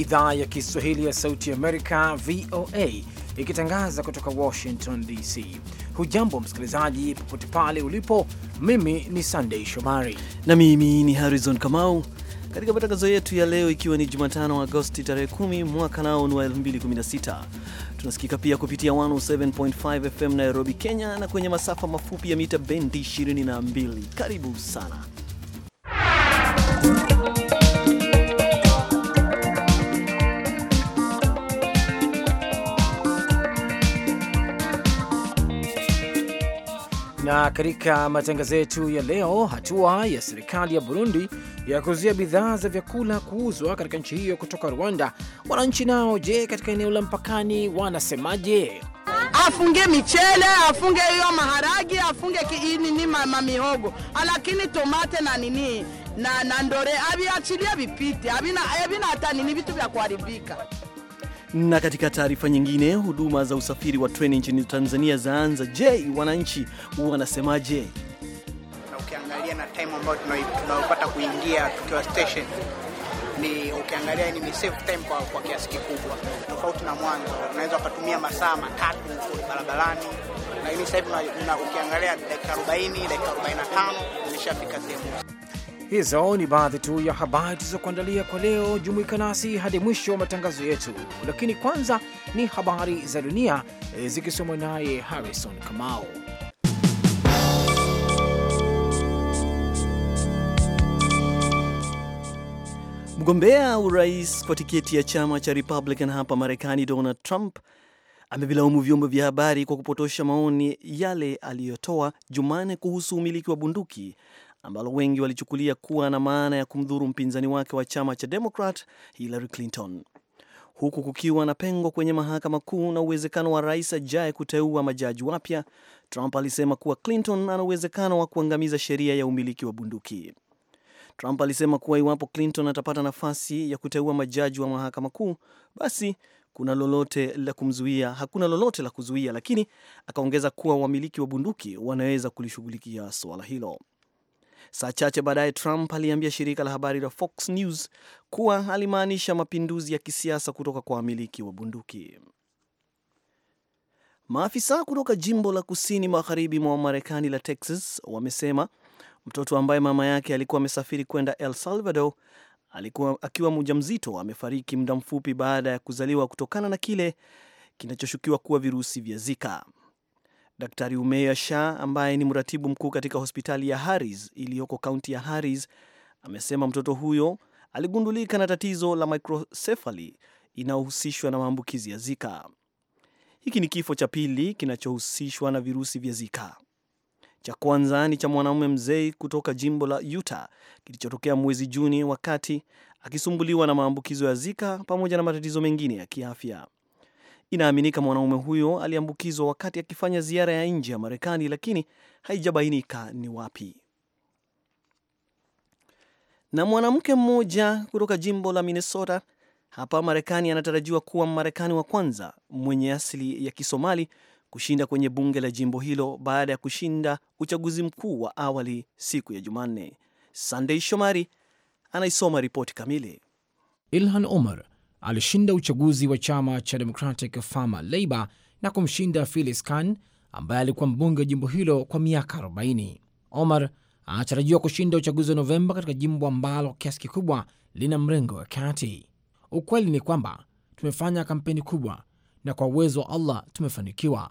idhaa ya Kiswahili ya Sauti Amerika, VOA, ikitangaza kutoka Washington DC. Hujambo msikilizaji, popote pale ulipo. Mimi ni Sandei Shomari na mimi ni Harrison Kamau katika matangazo yetu ya leo, ikiwa ni Jumatano Agosti tarehe 10 mwaka nao ni wa 2016. Tunasikika pia kupitia 107.5 FM Nairobi, Kenya, na kwenye masafa mafupi ya mita bendi 22. Karibu sana Na katika matangazo yetu ya leo, hatua ya serikali ya Burundi ya kuzuia bidhaa za vyakula kuuzwa katika nchi hiyo kutoka Rwanda. Wananchi nao, je, katika eneo la mpakani wanasemaje? Afunge michele, afunge hiyo maharagi, afunge mama mihogo, lakini tomate na nini na, na ndore aviachilia vipite avina hata nini vitu vya kuharibika. Na katika taarifa nyingine, huduma za usafiri wa treni nchini Tanzania zaanza. Je, wananchi wanasemaje? Na ukiangalia na time ambayo tunaopata kuingia tukiwa station ni ukiangalia ni safe time kwa, kwa kiasi kikubwa, tofauti na mwanzo. Unaweza ukatumia masaa matatu barabarani, lakini sasa hivi ukiangalia dakika 40 dakika 45 umeshafika sehemu. Hizo ni baadhi tu ya habari tulizokuandalia kwa leo. Jumuika nasi hadi mwisho wa matangazo yetu, lakini kwanza ni habari za dunia eh, zikisomwa naye Harrison Kamau. Mgombea urais kwa tiketi ya chama cha Republican hapa Marekani, Donald Trump amevilaumu vyombo vya habari kwa kupotosha maoni yale aliyotoa Jumanne kuhusu umiliki wa bunduki ambalo wengi walichukulia kuwa na maana ya kumdhuru mpinzani wake wa chama cha Demokrat Hillary Clinton, huku kukiwa na pengo kwenye mahakama kuu na uwezekano wa rais ajaye kuteua majaji wapya. Trump alisema kuwa Clinton ana uwezekano wa kuangamiza sheria ya umiliki wa bunduki. Trump alisema kuwa iwapo Clinton atapata nafasi ya kuteua majaji wa mahakama kuu, basi kuna lolote la kumzuia, hakuna lolote la kuzuia, lakini akaongeza kuwa wamiliki wa bunduki wanaweza kulishughulikia suala hilo. Saa chache baadaye, Trump aliambia shirika la habari la Fox News kuwa alimaanisha mapinduzi ya kisiasa kutoka kwa wamiliki wa bunduki. Maafisa kutoka jimbo la kusini magharibi mwa Marekani la Texas wamesema mtoto ambaye mama yake alikuwa amesafiri kwenda El Salvador alikuwa akiwa mjamzito amefariki muda mfupi baada ya kuzaliwa kutokana na kile kinachoshukiwa kuwa virusi vya Zika. Daktari Umeya Shah ambaye ni mratibu mkuu katika hospitali ya Haris iliyoko kaunti ya Haris amesema mtoto huyo aligundulika na tatizo la microsefali inayohusishwa na maambukizi ya Zika. Hiki ni kifo cha pili kinachohusishwa na virusi vya Zika. Cha kwanza ni cha mwanaume mzee kutoka jimbo la Utah kilichotokea mwezi Juni wakati akisumbuliwa na maambukizo ya Zika pamoja na matatizo mengine ya kiafya. Inaaminika mwanaume huyo aliambukizwa wakati akifanya ziara ya nje ya Marekani, lakini haijabainika ni wapi. Na mwanamke mmoja kutoka jimbo la Minnesota hapa Marekani anatarajiwa kuwa marekani wa kwanza mwenye asili ya Kisomali kushinda kwenye bunge la jimbo hilo baada ya kushinda uchaguzi mkuu wa awali siku ya Jumanne. Sandei Shomari anaisoma ripoti kamili. Ilhan Omar alishinda uchaguzi wa chama cha Democratic Farmer Labor na kumshinda Phyllis Khan ambaye alikuwa mbunge wa jimbo hilo kwa miaka 40. Omar anatarajiwa kushinda uchaguzi wa Novemba katika jimbo ambalo kiasi kikubwa lina mrengo wa kati. Ukweli ni kwamba tumefanya kampeni kubwa na kwa uwezo wa Allah tumefanikiwa,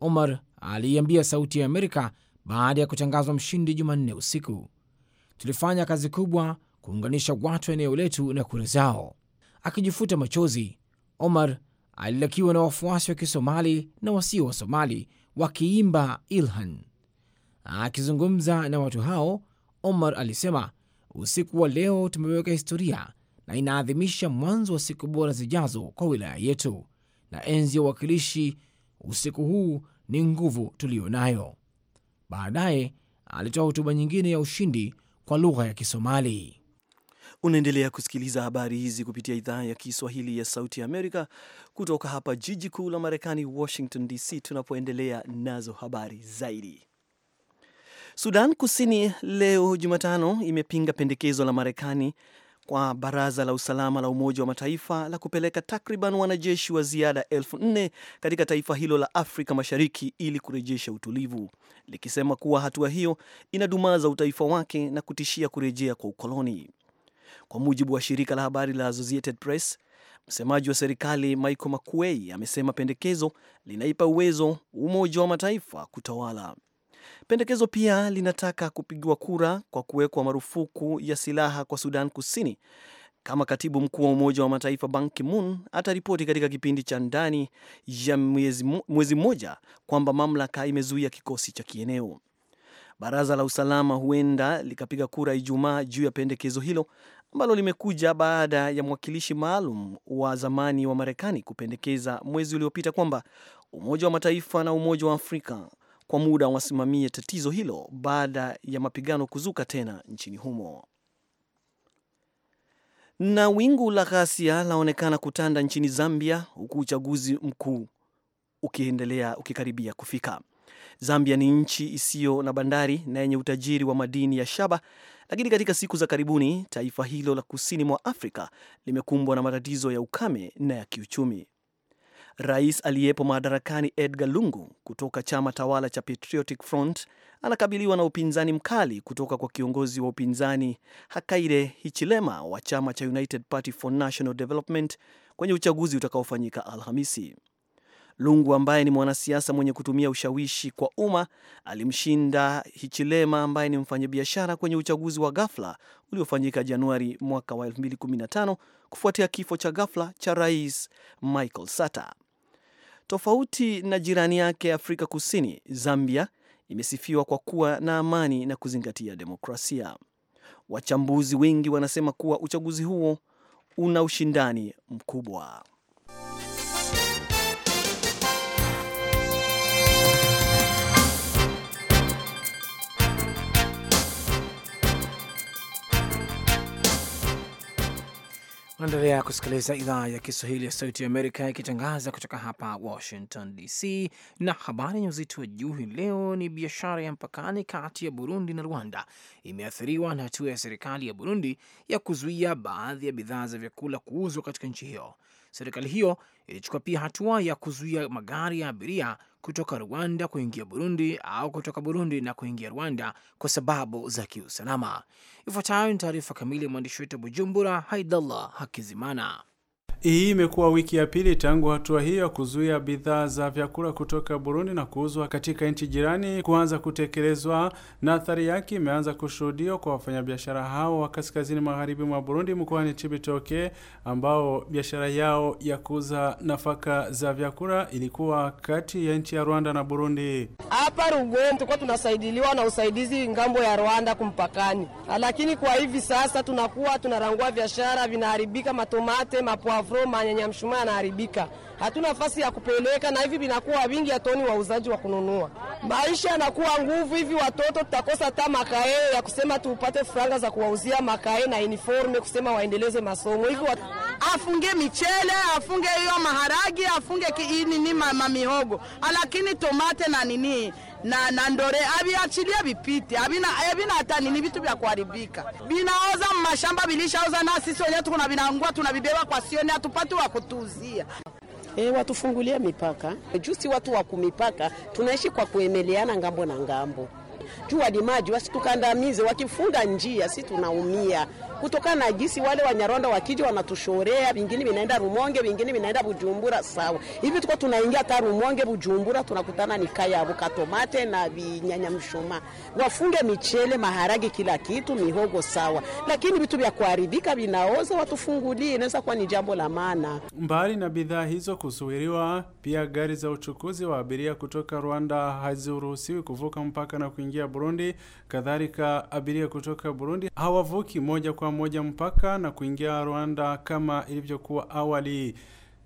Omar aliiambia Sauti ya Amerika baada ya kutangazwa mshindi Jumanne usiku. Tulifanya kazi kubwa kuunganisha watu eneo letu na kura zao akijifuta machozi. Omar alilakiwa na wafuasi wa Kisomali na wasio wa Somali wakiimba Ilhan. Akizungumza na watu hao, Omar alisema usiku wa leo tumeweka historia na inaadhimisha mwanzo wa siku bora zijazo kwa wilaya yetu na enzi ya uwakilishi. Usiku huu ni nguvu tuliyo nayo. Baadaye alitoa hotuba nyingine ya ushindi kwa lugha ya Kisomali. Unaendelea kusikiliza habari hizi kupitia idhaa ya Kiswahili ya Sauti ya Amerika kutoka hapa jiji kuu la Marekani, Washington DC, tunapoendelea nazo habari zaidi. Sudan Kusini leo Jumatano imepinga pendekezo la Marekani kwa Baraza la Usalama la Umoja wa Mataifa la kupeleka takriban wanajeshi wa ziada elfu nne katika taifa hilo la Afrika Mashariki ili kurejesha utulivu, likisema kuwa hatua hiyo inadumaza utaifa wake na kutishia kurejea kwa ukoloni. Kwa mujibu wa shirika la habari la Associated Press, msemaji wa serikali Michael Makuei amesema pendekezo linaipa uwezo Umoja wa Mataifa kutawala. Pendekezo pia linataka kupigiwa kura kwa kuwekwa marufuku ya silaha kwa Sudan Kusini kama katibu mkuu wa Umoja wa Mataifa Ban Ki-moon ataripoti katika kipindi cha ndani ya mwezi mmoja kwamba mamlaka imezuia kikosi cha kieneo. Baraza la usalama huenda likapiga kura Ijumaa juu ya pendekezo hilo ambalo limekuja baada ya mwakilishi maalum wa zamani wa Marekani kupendekeza mwezi uliopita kwamba Umoja wa Mataifa na Umoja wa Afrika kwa muda wasimamie tatizo hilo baada ya mapigano kuzuka tena nchini humo. Na wingu la ghasia laonekana kutanda nchini Zambia huku uchaguzi mkuu ukiendelea ukikaribia kufika. Zambia ni nchi isiyo na bandari na yenye utajiri wa madini ya shaba lakini katika siku za karibuni taifa hilo la kusini mwa Afrika limekumbwa na matatizo ya ukame na ya kiuchumi. Rais aliyepo madarakani Edgar Lungu kutoka chama tawala cha Patriotic Front anakabiliwa na upinzani mkali kutoka kwa kiongozi wa upinzani Hakainde Hichilema wa chama cha United Party for National Development kwenye uchaguzi utakaofanyika Alhamisi. Lungu ambaye ni mwanasiasa mwenye kutumia ushawishi kwa umma alimshinda Hichilema ambaye ni mfanyabiashara kwenye uchaguzi wa ghafla uliofanyika Januari mwaka wa 2015 kufuatia kifo cha ghafla cha Rais Michael Sata. Tofauti na jirani yake Afrika Kusini, Zambia imesifiwa kwa kuwa na amani na kuzingatia demokrasia. Wachambuzi wengi wanasema kuwa uchaguzi huo una ushindani mkubwa. Naendelea kusikiliza idhaa ya Kiswahili ya Sauti ya Amerika ikitangaza kutoka hapa Washington DC. Na habari yenye uzito wa juu hii leo ni biashara ya mpakani kati ya Burundi na Rwanda imeathiriwa na hatua ya serikali ya Burundi ya kuzuia baadhi ya bidhaa za vyakula kuuzwa katika nchi hiyo. Serikali hiyo ilichukua pia hatua ya kuzuia magari ya abiria kutoka Rwanda kuingia Burundi au kutoka Burundi na kuingia Rwanda kwa sababu za kiusalama. Ifuatayo ni taarifa kamili ya mwandishi wetu wa Bujumbura, Haidallah Hakizimana. Hii imekuwa wiki ya pili tangu hatua hiyo ya kuzuia bidhaa za vyakula kutoka Burundi na kuuzwa katika nchi jirani kuanza kutekelezwa, na athari yake imeanza kushuhudiwa kwa wafanyabiashara hao wa kaskazini magharibi mwa Burundi, mkoani Chibitoke, ambao biashara yao ya kuuza nafaka za vyakula ilikuwa kati ya nchi ya Rwanda na Burundi. Hapa Rungwen tulikuwa tunasaidiliwa na usaidizi ngambo ya Rwanda kumpakani, lakini kwa hivi sasa tunakuwa tunarangua biashara, vinaharibika matomate, mapwavo froma yenye mshumaa anaharibika, hatuna nafasi ya kupeleka, na hivi vinakuwa vingi, hatuoni wauzaji wa kununua. Maisha yanakuwa nguvu hivi, watoto tutakosa hata makae ya kusema tupate franga za kuwauzia makae na uniforme, kusema waendeleze masomo hivi wat... afunge michele afunge hiyo maharagi afunge kiini ni mamihogo, lakini tomate na nini na, na ndore aviachilia vipite avinatani ni vitu vya kuharibika, vinaoza mashamba, vilishaoza na sisi wenyewe tukuna vinangua tunavibeba kwa sioni, hatupati wa kutuuzia. E, watufungulie mipaka juu si watu wa kumipaka, tunaishi kwa kuemeleana ngambo na ngambo juu walimaji wasitukandamize, wakifunga njia si tunaumia kutokana na jinsi wale Wanyarwanda wakija wanatushorea, vingine vinaenda Rumonge, vingine vinaenda Bujumbura. Sawa, hivi tuko tunaingia hata Rumonge, Bujumbura, tunakutana ni kaya kayabu katomate na vinyanya mshuma, wafunge michele, maharage, kila kitu, mihogo. Sawa, lakini vitu vya kuharibika vinaoza, watufungulie, inaweza kuwa ni jambo la maana. Mbali na bidhaa hizo kusuhiriwa, pia gari za uchukuzi wa abiria kutoka Rwanda haziruhusiwi kuvuka mpaka na kuingia Burundi. Kadhalika, abiria kutoka Burundi hawavuki moja kwa moja mpaka na kuingia Rwanda kama ilivyokuwa awali.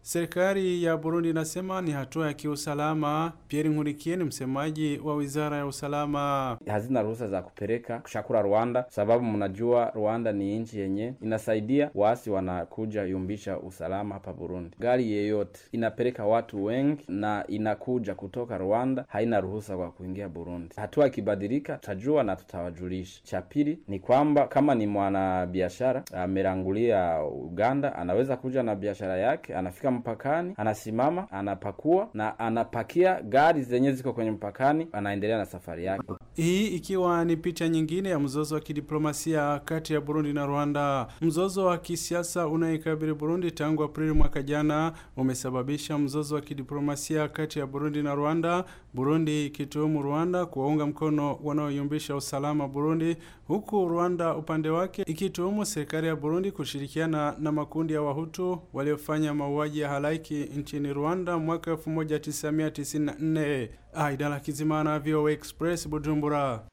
Serikali ya Burundi inasema ni hatua ya kiusalama. Pierre Nkurikiye ni msemaji wa wizara ya usalama. Hazina ruhusa za kupeleka kushakura Rwanda, sababu mnajua Rwanda ni nchi yenye inasaidia waasi wanakuja yumbisha usalama hapa Burundi. Gari yeyote inapeleka watu wengi na inakuja kutoka Rwanda haina ruhusa kwa kuingia Burundi. Hatua ikibadilika tutajua na tutawajulisha. Cha pili ni kwamba kama ni mwanabiashara amerangulia Uganda, anaweza kuja na biashara yake anafika mpakani, anasimama, anapakua na anapakia gari zenyewe ziko kwenye mpakani, anaendelea na safari yake hii ikiwa ni picha nyingine ya mzozo wa kidiplomasia kati ya Burundi na Rwanda. Mzozo wa kisiasa unaikabili Burundi tangu Aprili mwaka jana umesababisha mzozo wa kidiplomasia kati ya Burundi na Rwanda, Burundi ikituhumu Rwanda kuwaunga mkono wanaoyumbisha usalama Burundi, huku Rwanda upande wake ikituhumu serikali ya Burundi kushirikiana na makundi ya Wahutu waliofanya mauaji ya halaiki nchini Rwanda mwaka 1994. Aidala Kizimana, VOA Express, Bujumbura.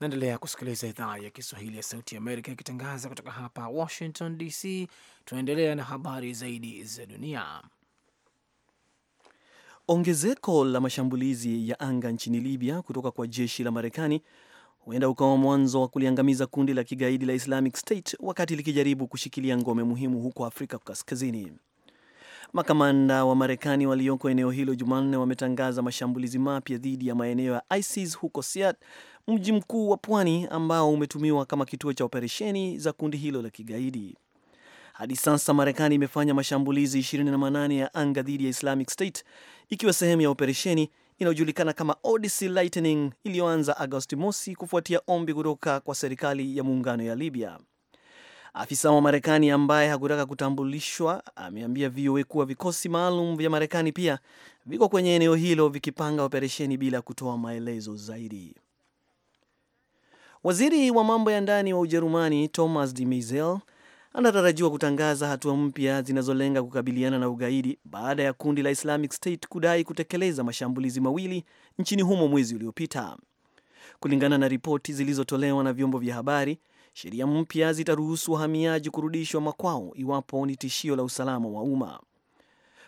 Naendelea kusikiliza idhaa ya Kiswahili ya Sauti ya Amerika ikitangaza kutoka hapa Washington DC. Tunaendelea na habari zaidi za dunia. Ongezeko la mashambulizi ya anga nchini Libya kutoka kwa jeshi la Marekani huenda ukawa mwanzo wa kuliangamiza kundi la kigaidi la Islamic State wakati likijaribu kushikilia ngome muhimu huko Afrika Kaskazini. Makamanda wa Marekani walioko eneo hilo Jumanne wametangaza mashambulizi mapya dhidi ya maeneo ya ISIS huko Siat, mji mkuu wa pwani ambao umetumiwa kama kituo cha operesheni za kundi hilo la kigaidi. Hadi sasa Marekani imefanya mashambulizi 28 ya anga dhidi ya Islamic State ikiwa sehemu ya operesheni inayojulikana kama Odyssey Lightning iliyoanza Agosti mosi kufuatia ombi kutoka kwa serikali ya muungano ya Libya. Afisa wa Marekani ambaye hakutaka kutambulishwa ameambia VOA kuwa vikosi maalum vya Marekani pia viko kwenye eneo hilo vikipanga operesheni bila kutoa maelezo zaidi. Waziri wa mambo ya ndani wa Ujerumani Thomas de Maizière anatarajiwa kutangaza hatua mpya zinazolenga kukabiliana na ugaidi baada ya kundi la Islamic State kudai kutekeleza mashambulizi mawili nchini humo mwezi uliopita. Kulingana na ripoti zilizotolewa na vyombo vya habari, Sheria mpya zitaruhusu wahamiaji kurudishwa makwao iwapo ni tishio la usalama wa umma.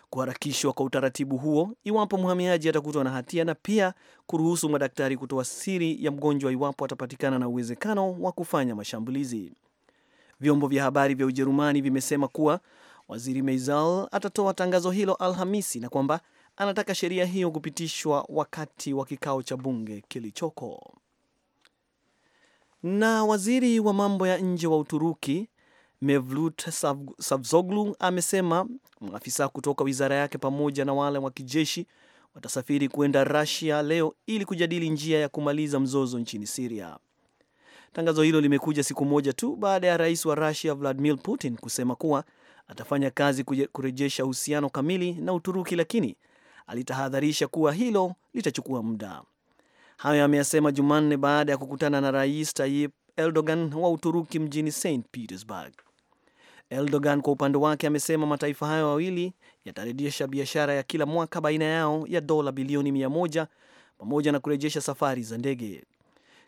Kuharakishwa kwa utaratibu huo iwapo mhamiaji atakutwa na hatia, na pia kuruhusu madaktari kutoa siri ya mgonjwa iwapo atapatikana na uwezekano wa kufanya mashambulizi. Vyombo vya habari vya Ujerumani vimesema kuwa waziri Meizal atatoa tangazo hilo Alhamisi na kwamba anataka sheria hiyo kupitishwa wakati wa kikao cha bunge kilichoko na waziri wa mambo ya nje wa Uturuki Mevlut Savzoglu amesema maafisa kutoka wizara yake pamoja na wale wa kijeshi watasafiri kuenda rasia leo ili kujadili njia ya kumaliza mzozo nchini siria Tangazo hilo limekuja siku moja tu baada ya rais wa rasia Vladimir Putin kusema kuwa atafanya kazi kurejesha uhusiano kamili na Uturuki, lakini alitahadharisha kuwa hilo litachukua muda. Hayo ameyasema Jumanne baada ya kukutana na Rais Tayyip Erdogan wa Uturuki mjini St Petersburg. Erdogan kwa upande wake amesema mataifa hayo mawili yatarejesha biashara ya kila mwaka baina yao ya dola bilioni mia moja pamoja na kurejesha safari za ndege.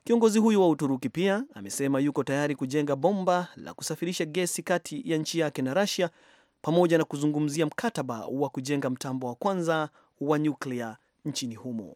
Kiongozi huyu wa Uturuki pia amesema yuko tayari kujenga bomba la kusafirisha gesi kati ya nchi yake na Russia pamoja na kuzungumzia mkataba wa kujenga mtambo wa kwanza wa nyuklia nchini humo.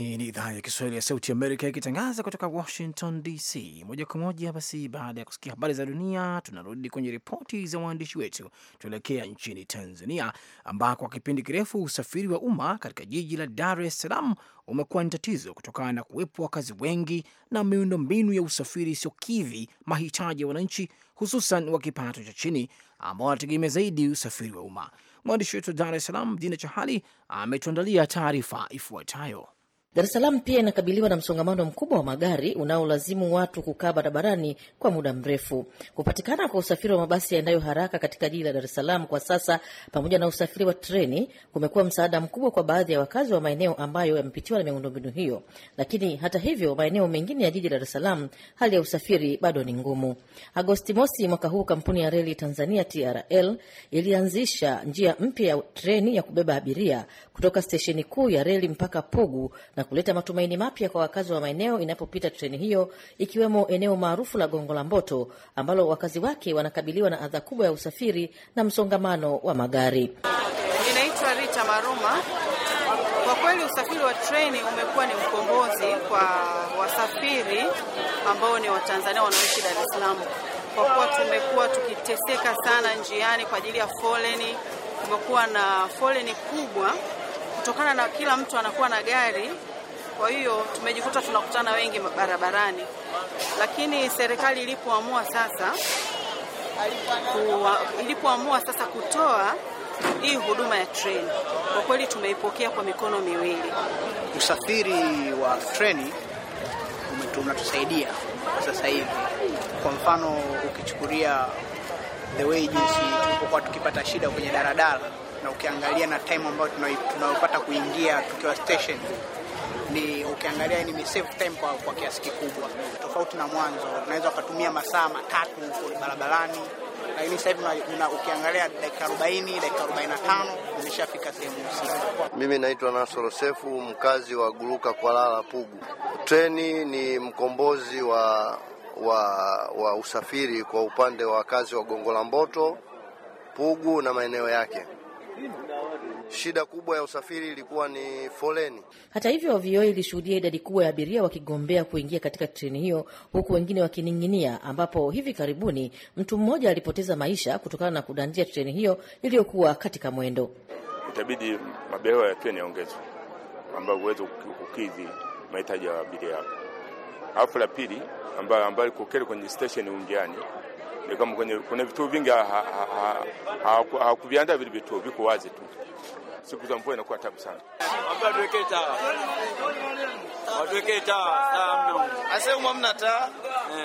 Hii ni idhaa ya Kiswahili ya Sauti Amerika ikitangaza kutoka Washington DC moja kwa moja. Basi baada ya kusikia habari za dunia, tunarudi kwenye ripoti za waandishi wetu. Tuelekea nchini Tanzania ambako kwa kipindi kirefu usafiri wa umma katika jiji la Dar es Salaam umekuwa ni tatizo kutokana na kuwepo wakazi wengi na miundombinu ya usafiri isiyokidhi mahitaji ya wananchi, hususan wa kipato cha chini ambao wanategemea zaidi usafiri wa umma. Mwandishi wetu wa Dar es Salaam, Dina Chahali, ametuandalia taarifa ifuatayo. Dar es Salaam pia inakabiliwa na msongamano mkubwa wa magari unaolazimu watu kukaa barabarani kwa muda mrefu. Kupatikana kwa usafiri wa mabasi yaendayo haraka katika jiji la Dar es Salaam kwa sasa, pamoja na usafiri wa treni, kumekuwa msaada mkubwa kwa baadhi ya wakazi wa maeneo ambayo yamepitiwa na miundombinu hiyo. Lakini hata hivyo, maeneo mengine ya jiji la Dar es Salaam hali ya usafiri bado ni ngumu. Agosti mosi mwaka huu, kampuni ya reli Tanzania TRL ilianzisha njia mpya ya treni ya kubeba abiria kutoka stesheni kuu ya reli mpaka Pugu na kuleta matumaini mapya kwa wakazi wa maeneo inapopita treni hiyo, ikiwemo eneo maarufu la Gongo la Mboto ambalo wakazi wake wanakabiliwa na adha kubwa ya usafiri na msongamano wa magari. Ninaitwa Rita Maruma. Kwa kweli usafiri wa treni umekuwa ni mkombozi kwa wasafiri ambao ni Watanzania wanaoishi Dar es Salaam, kwa kuwa tumekuwa tukiteseka sana njiani kwa ajili ya foleni. Kumekuwa na foleni kubwa kutokana na kila mtu anakuwa na gari kwa hiyo tumejikuta tunakutana wengi barabarani, lakini serikali ilipoamua sasa ilipoamua sasa kutoa hii huduma ya treni, kwa kweli tumeipokea kwa mikono miwili. Usafiri wa treni unatusaidia kwa sasa hivi. Kwa mfano ukichukulia the way jinsi tulipokuwa tukipata shida kwenye daradara na ukiangalia na time ambayo tunayopata kuingia tukiwa station ni ukiangalia ni save tempo kwa, kwa kiasi kikubwa, tofauti na mwanzo unaweza ukatumia masaa matatu huko barabarani, lakini sasa hivi ukiangalia dakika 40, dakika 45 umeshafika sehemu husika. Mimi naitwa Nasoro Sefu, mkazi wa Guruka kwa Lala Pugu. Treni ni mkombozi wa wa, wa usafiri kwa upande wa wakazi wa Gongo la Mboto, Pugu na maeneo yake. Shida kubwa ya usafiri ilikuwa ni foleni. Hata hivyo, VOA ilishuhudia idadi kubwa ya abiria wakigombea kuingia katika treni hiyo, huku wengine wakining'inia, ambapo hivi karibuni mtu mmoja alipoteza maisha kutokana na kudandia treni hiyo iliyokuwa katika mwendo. Itabidi mabehewa ya treni yaongezwe ambayo huweze kukidhi mahitaji ya abiria. Alafu la pili ambayo ambayo kwenye stesheni Ungiani kama kwenye, kuna vituo vingi hawakuviandaa vile vituo, viko wazi tu. Siku za mvua inakuwa tabu sana. Asema mna taa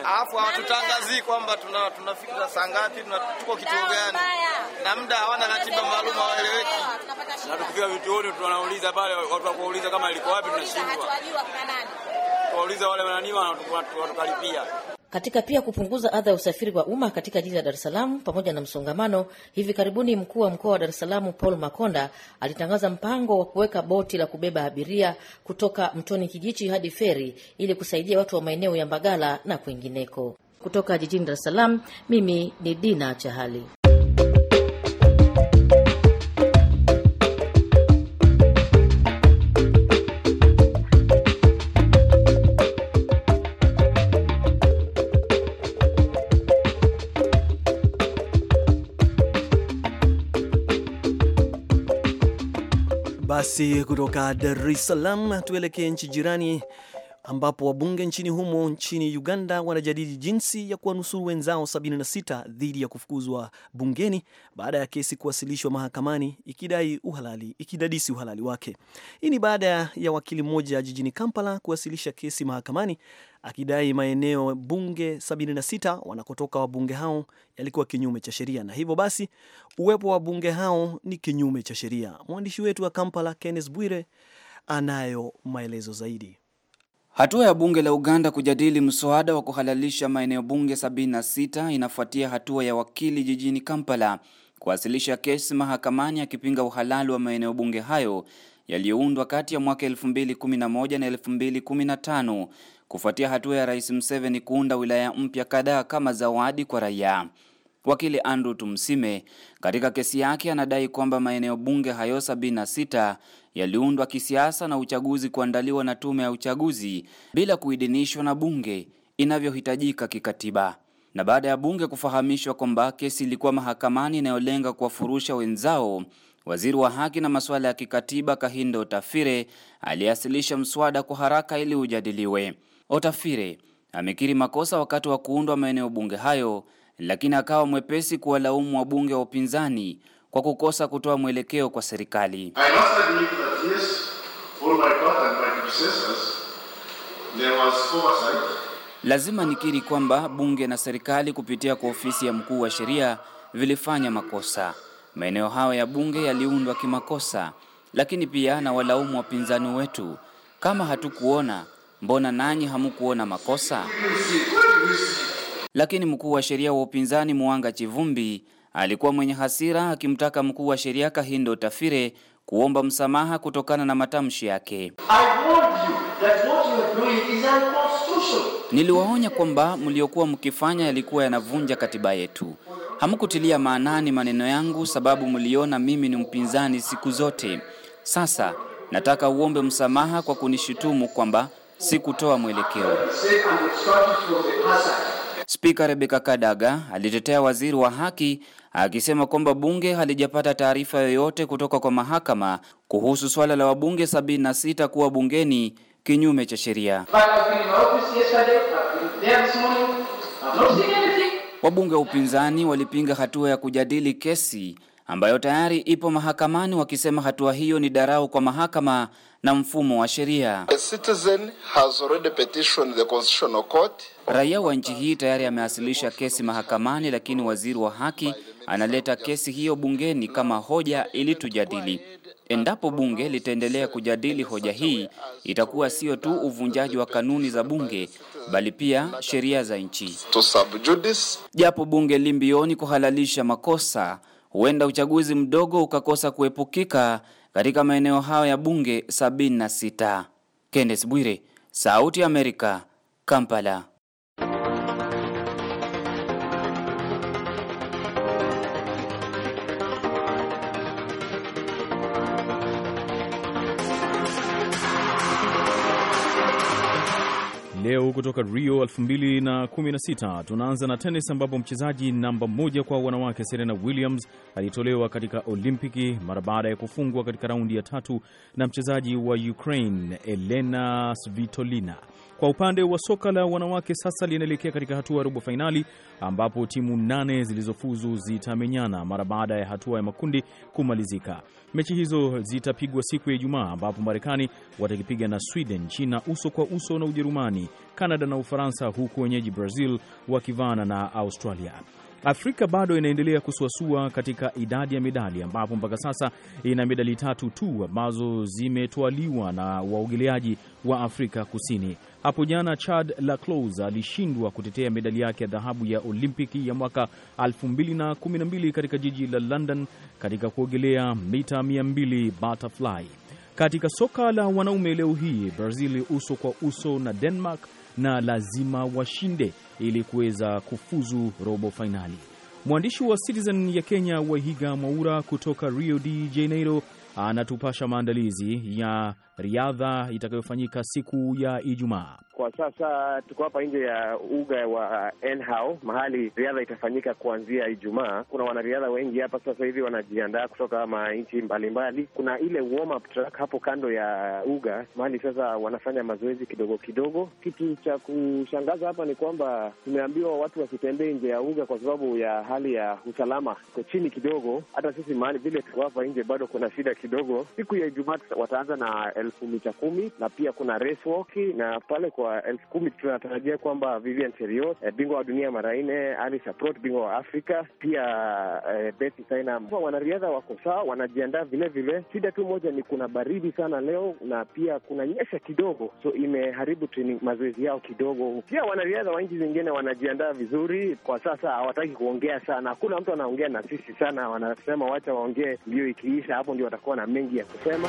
alafu hawatutangazii kwamba tunafika saa ngapi, tuko kituo gani, na muda hawana ratiba maalum, hawaeleweki. Na tukifika vituoni tunauliza pale, watu wakuuliza kama iliko wapi, tunashindwa kuwauliza wale wananiwa, watukalipia katika pia kupunguza adha ya usafiri wa umma katika jiji la Dar es Salaam pamoja na msongamano. Hivi karibuni mkuu wa mkoa wa Dar es Salaam Paul Makonda alitangaza mpango wa kuweka boti la kubeba abiria kutoka Mtoni Kijichi hadi feri ili kusaidia watu wa maeneo ya Mbagala na kwingineko. Kutoka jijini Dar es Salaam, mimi ni Dina Chahali. Basi kutoka Dar es Salaam tuelekee nchi jirani ambapo wabunge nchini humo nchini Uganda wanajadili jinsi ya kuwanusuru wenzao 76 dhidi ya kufukuzwa bungeni baada ya kesi kuwasilishwa mahakamani ikidai uhalali, ikidadisi uhalali wake. Hii ni baada ya wakili mmoja jijini Kampala kuwasilisha kesi mahakamani akidai maeneo bunge 76 wanakotoka wabunge hao yalikuwa kinyume cha sheria na hivyo basi uwepo wa bunge hao ni kinyume cha sheria. Mwandishi wetu wa Kampala Kenneth Bwire anayo maelezo zaidi. Hatua ya bunge la Uganda kujadili mswada wa kuhalalisha maeneo bunge 76 inafuatia hatua ya wakili jijini Kampala kuwasilisha kesi mahakamani akipinga uhalali wa maeneo bunge hayo yaliyoundwa kati ya mwaka 2011 na 2015 kufuatia hatua ya Rais Museveni kuunda wilaya mpya kadhaa kama zawadi kwa raia. Wakili Andrew Tumsime katika kesi yake anadai kwamba maeneo bunge hayo 76 yaliundwa kisiasa na uchaguzi kuandaliwa na tume ya uchaguzi bila kuidhinishwa na bunge inavyohitajika kikatiba. Na baada ya bunge kufahamishwa kwamba kesi ilikuwa mahakamani inayolenga kuwafurusha wenzao, waziri wa haki na masuala ya kikatiba kahinda Otafire aliasilisha mswada kwa haraka ili ujadiliwe. Otafire amekiri makosa wakati wa kuundwa maeneo bunge hayo, lakini akawa mwepesi kuwalaumu wabunge wa upinzani kwa kukosa kutoa mwelekeo kwa serikali. Lazima nikiri kwamba bunge na serikali kupitia kwa ofisi ya mkuu wa sheria vilifanya makosa. Maeneo hayo ya bunge yaliundwa kimakosa, lakini pia na walaumu wapinzani wetu. Kama hatukuona, mbona nanyi hamukuona makosa? Lakini mkuu wa sheria wa upinzani Mwanga Chivumbi alikuwa mwenye hasira akimtaka mkuu wa sheria Kahindo Tafire kuomba msamaha kutokana na matamshi yake. Niliwaonya kwamba mliokuwa mkifanya yalikuwa yanavunja katiba yetu. Hamkutilia maanani maneno yangu, sababu mliona mimi ni mpinzani siku zote. Sasa nataka uombe msamaha kwa kunishutumu kwamba sikutoa mwelekeo. Spika Rebeka Kadaga alitetea waziri wa haki akisema kwamba bunge halijapata taarifa yoyote kutoka kwa mahakama kuhusu swala la wabunge 76 kuwa bungeni kinyume cha sheria. Wabunge wa upinzani walipinga hatua ya kujadili kesi ambayo tayari ipo mahakamani wakisema hatua hiyo ni darau kwa mahakama na mfumo wa sheria. Raia wa nchi hii tayari amewasilisha kesi mahakamani, lakini waziri wa haki analeta kesi hiyo bungeni kama hoja ili tujadili. Endapo bunge litaendelea kujadili hoja hii, itakuwa sio tu uvunjaji wa kanuni za bunge bali pia sheria za nchi. Japo bunge limbioni kuhalalisha makosa huenda uchaguzi mdogo ukakosa kuepukika katika maeneo hayo ya bunge 76. Kenneth Bwire, Sauti ya Amerika, Kampala. leo kutoka Rio 2016. Tunaanza na tenis ambapo mchezaji namba moja kwa wanawake Serena Williams alitolewa katika Olimpiki mara baada ya kufungwa katika raundi ya tatu na mchezaji wa Ukraine Elena Svitolina. Kwa upande wa soka la wanawake sasa linaelekea katika hatua ya robo fainali ambapo timu nane zilizofuzu zitamenyana mara baada ya hatua ya makundi kumalizika. Mechi hizo zitapigwa siku ya Ijumaa ambapo Marekani watakipiga na Sweden, China uso kwa uso na Ujerumani, Kanada na Ufaransa, huku wenyeji Brazil wakivaana na Australia. Afrika bado inaendelea kusuasua katika idadi ya medali ambapo mpaka sasa ina medali tatu tu ambazo zimetwaliwa na waogeleaji wa Afrika Kusini. Hapo jana Chad Laclos alishindwa kutetea medali yake ya dhahabu ya Olimpiki ya mwaka 2012 katika jiji la London katika kuogelea mita 200 butterfly. Katika soka la wanaume leo hii Brazil uso kwa uso na Denmark na lazima washinde ili kuweza kufuzu robo fainali. Mwandishi wa Citizen ya Kenya Waihiga Mwaura kutoka Rio de Janeiro anatupasha maandalizi ya riadha itakayofanyika siku ya Ijumaa. Kwa sasa tuko hapa nje ya uga wa Enhau, mahali riadha itafanyika kuanzia Ijumaa. Kuna wanariadha wengi hapa sasa hivi wanajiandaa kutoka manchi mbalimbali. Kuna ile warm up track hapo kando ya uga, mahali sasa wanafanya mazoezi kidogo kidogo. Kitu cha kushangaza hapa ni kwamba tumeambiwa watu wasitembee nje ya uga kwa sababu ya hali ya usalama iko chini kidogo. Hata sisi mahali vile tuko hapa nje bado kuna shida kidogo. Siku ya Ijumaa wataanza na elfu mita kumi na pia kuna race walk, na pale kwa elfu kumi tunatarajia kwamba Vivian eh, bingwa wa dunia mara nne, Alice Aprot bingwa wa Afrika pia eh, Sainam. Wanariadha wako sawa, wanajiandaa vilevile. Shida tu moja ni kuna baridi sana leo na pia kuna nyesha kidogo, so imeharibu training mazoezi yao kidogo. Pia wanariadha wa nchi zingine wanajiandaa vizuri. Kwa sasa hawataki kuongea sana, hakuna mtu anaongea na sisi sana, wanasema wacha waongee, ndio ikiisha hapo ndio watakuwa na mengi ya kusema.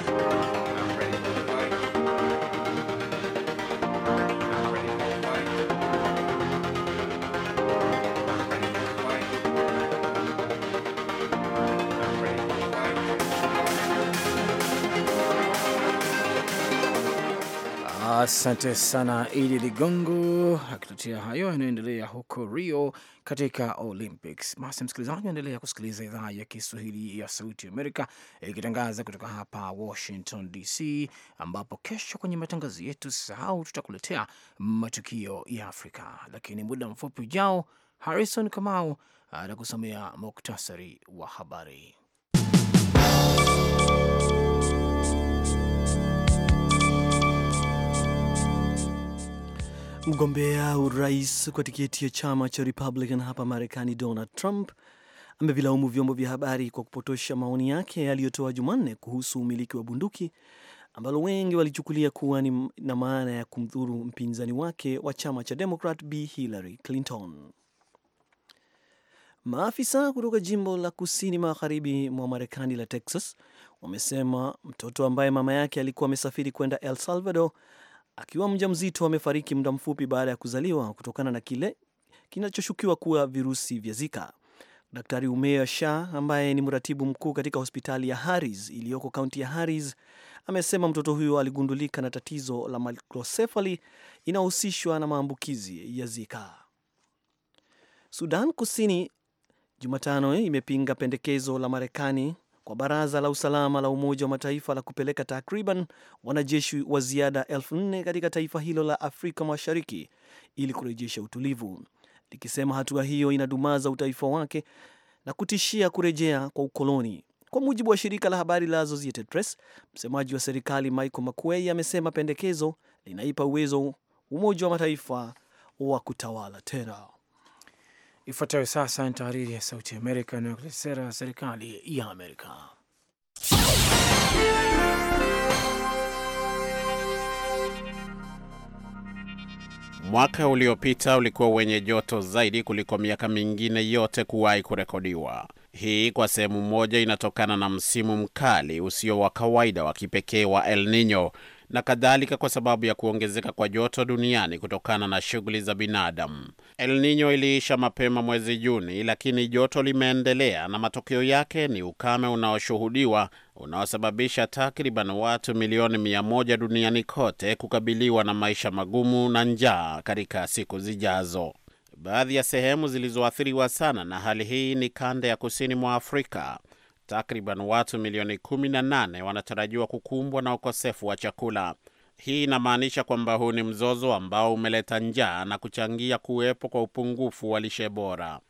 Asante sana Idi Ligongo akitutia hayo yanayoendelea huko Rio katika Olympics. Basi msikilizaji, endelea kusikiliza idhaa ya Kiswahili ya Sauti Amerika ikitangaza kutoka hapa Washington DC, ambapo kesho kwenye matangazo yetu sahau, tutakuletea matukio ya Afrika. Lakini muda mfupi ujao, Harrison Kamau atakusomea muktasari wa habari. Mgombea urais kwa tiketi ya chama cha Republican hapa Marekani, Donald Trump amevilaumu vyombo vya habari kwa kupotosha maoni yake aliyotoa Jumanne kuhusu umiliki wa bunduki ambalo wengi walichukulia kuwa ni na maana ya kumdhuru mpinzani wake wa chama cha Democrat b Hillary Clinton. Maafisa kutoka jimbo la kusini magharibi mwa Marekani la Texas wamesema mtoto ambaye mama yake alikuwa amesafiri kwenda El Salvador akiwa mja mzito amefariki muda mfupi baada ya kuzaliwa kutokana na kile kinachoshukiwa kuwa virusi vya Zika. Daktari Umea Shah ambaye ni mratibu mkuu katika hospitali ya Haris iliyoko kaunti ya Haris amesema mtoto huyo aligundulika na tatizo la microsefali inayohusishwa na maambukizi ya Zika. Sudan Kusini Jumatano imepinga pendekezo la Marekani kwa Baraza la Usalama la Umoja wa Mataifa la kupeleka takriban wanajeshi wa ziada elfu nne katika taifa hilo la Afrika Mashariki ili kurejesha utulivu, likisema hatua hiyo inadumaza utaifa wake na kutishia kurejea kwa ukoloni. Kwa mujibu wa shirika la habari la Associated Press, msemaji wa serikali Michael Makuei amesema pendekezo linaipa uwezo Umoja wa Mataifa wa kutawala tena. Ifuatayo sasa ni tahariri ya Sauti ya Amerika inayoelezea sera ya serikali ya Amerika. Mwaka uliopita ulikuwa wenye joto zaidi kuliko miaka mingine yote kuwahi kurekodiwa. Hii kwa sehemu moja inatokana na msimu mkali usio wa kawaida wa kipekee wa El Nino na kadhalika kwa sababu ya kuongezeka kwa joto duniani kutokana na shughuli za binadamu. El Nino iliisha mapema mwezi Juni, lakini joto limeendelea na matokeo yake ni ukame unaoshuhudiwa unaosababisha takriban watu milioni mia moja duniani kote kukabiliwa na maisha magumu na njaa katika siku zijazo. Baadhi ya sehemu zilizoathiriwa sana na hali hii ni kanda ya kusini mwa Afrika takriban watu milioni 18 wanatarajiwa kukumbwa na ukosefu wa chakula. Hii inamaanisha kwamba huu ni mzozo ambao umeleta njaa na kuchangia kuwepo kwa upungufu wa lishe bora.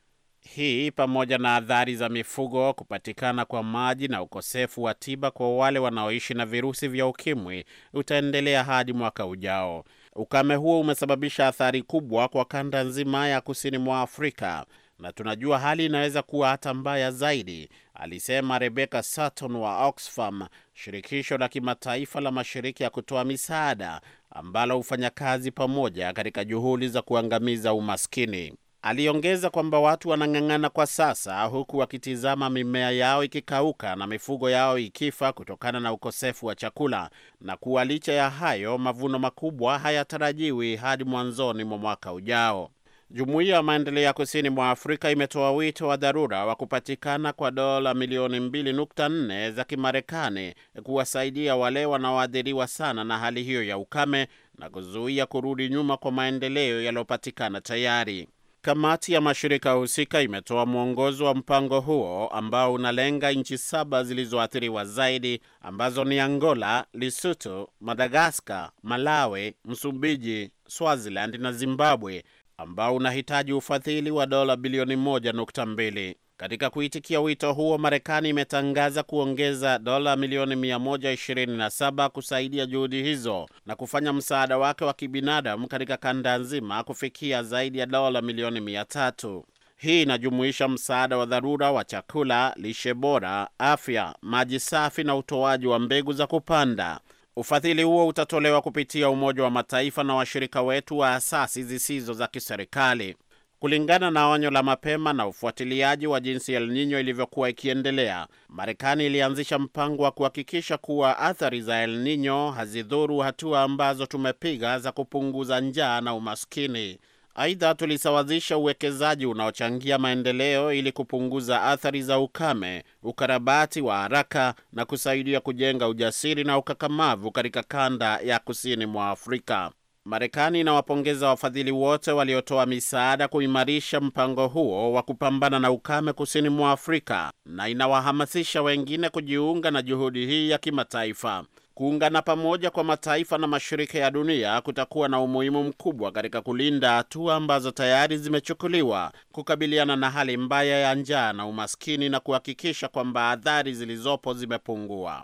Hii pamoja na athari za mifugo, kupatikana kwa maji na ukosefu wa tiba kwa wale wanaoishi na virusi vya ukimwi utaendelea hadi mwaka ujao. Ukame huo umesababisha athari kubwa kwa kanda nzima ya kusini mwa Afrika na tunajua hali inaweza kuwa hata mbaya zaidi, alisema Rebecca Sutton wa Oxfam, shirikisho la kimataifa la mashirika ya kutoa misaada ambalo hufanya kazi pamoja katika juhudi za kuangamiza umaskini. Aliongeza kwamba watu wanang'ang'ana kwa sasa huku wakitizama mimea yao ikikauka na mifugo yao ikifa kutokana na ukosefu wa chakula na kuwa licha ya hayo mavuno makubwa hayatarajiwi hadi mwanzoni mwa mwaka ujao. Jumuiya ya maendeleo ya kusini mwa Afrika imetoa wito wa dharura wa kupatikana kwa dola milioni 2.4 za Kimarekani kuwasaidia wale wanaoathiriwa sana na hali hiyo ya ukame na kuzuia kurudi nyuma kwa maendeleo yaliyopatikana tayari. Kamati ya mashirika husika imetoa mwongozo wa mpango huo ambao unalenga nchi saba zilizoathiriwa zaidi ambazo ni Angola, Lesotho, Madagaskar, Malawi, Msumbiji, Swaziland na Zimbabwe ambao unahitaji ufadhili wa dola bilioni 1.2. Katika kuitikia wito huo, Marekani imetangaza kuongeza dola milioni 127 kusaidia juhudi hizo na kufanya msaada wake wa kibinadamu katika kanda nzima kufikia zaidi ya dola milioni 300. Hii inajumuisha msaada wa dharura wa chakula, lishe bora, afya, maji safi na utoaji wa mbegu za kupanda. Ufadhili huo utatolewa kupitia Umoja wa Mataifa na washirika wetu wa asasi zisizo za kiserikali. Kulingana na onyo la mapema na ufuatiliaji wa jinsi El Nino ilivyokuwa ikiendelea, Marekani ilianzisha mpango wa kuhakikisha kuwa athari za El Nino hazidhuru hatua ambazo tumepiga za kupunguza njaa na umaskini. Aidha, tulisawazisha uwekezaji unaochangia maendeleo ili kupunguza athari za ukame, ukarabati wa haraka na kusaidia kujenga ujasiri na ukakamavu katika kanda ya kusini mwa Afrika. Marekani inawapongeza wafadhili wote waliotoa misaada kuimarisha mpango huo wa kupambana na ukame kusini mwa Afrika na inawahamasisha wengine kujiunga na juhudi hii ya kimataifa. Kuungana pamoja kwa mataifa na mashirika ya dunia kutakuwa na umuhimu mkubwa katika kulinda hatua ambazo tayari zimechukuliwa kukabiliana na hali mbaya ya njaa na umaskini na kuhakikisha kwamba adhari zilizopo zimepungua.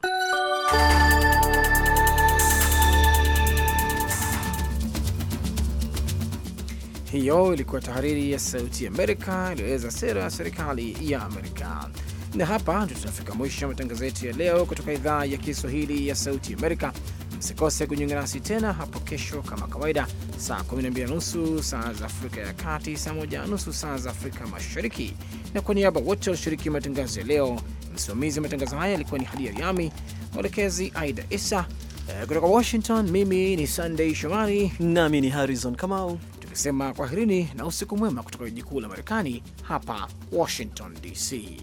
Hiyo ilikuwa tahariri ya Sauti Amerika iliyoeleza sera ya serikali ya Amerika. Na hapa ndio tunafika mwisho matangazo yetu ya leo kutoka idhaa ya Kiswahili ya Sauti Amerika. Msikose kujiunga nasi tena hapo kesho kama kawaida, saa 12 na nusu saa za Afrika ya Kati, saa 1 na nusu saa za Afrika Mashariki. Na kwa niaba wote walishiriki matangazo ya leo, msimamizi wa matangazo haya alikuwa ni Hadia Riami, mwelekezi Aida Isa. Eh, kutoka Washington, mimi ni Sandei Shomari nami ni Harrison Kamau, tukisema kwaherini na usiku mwema kutoka jiji kuu la Marekani, hapa Washington DC.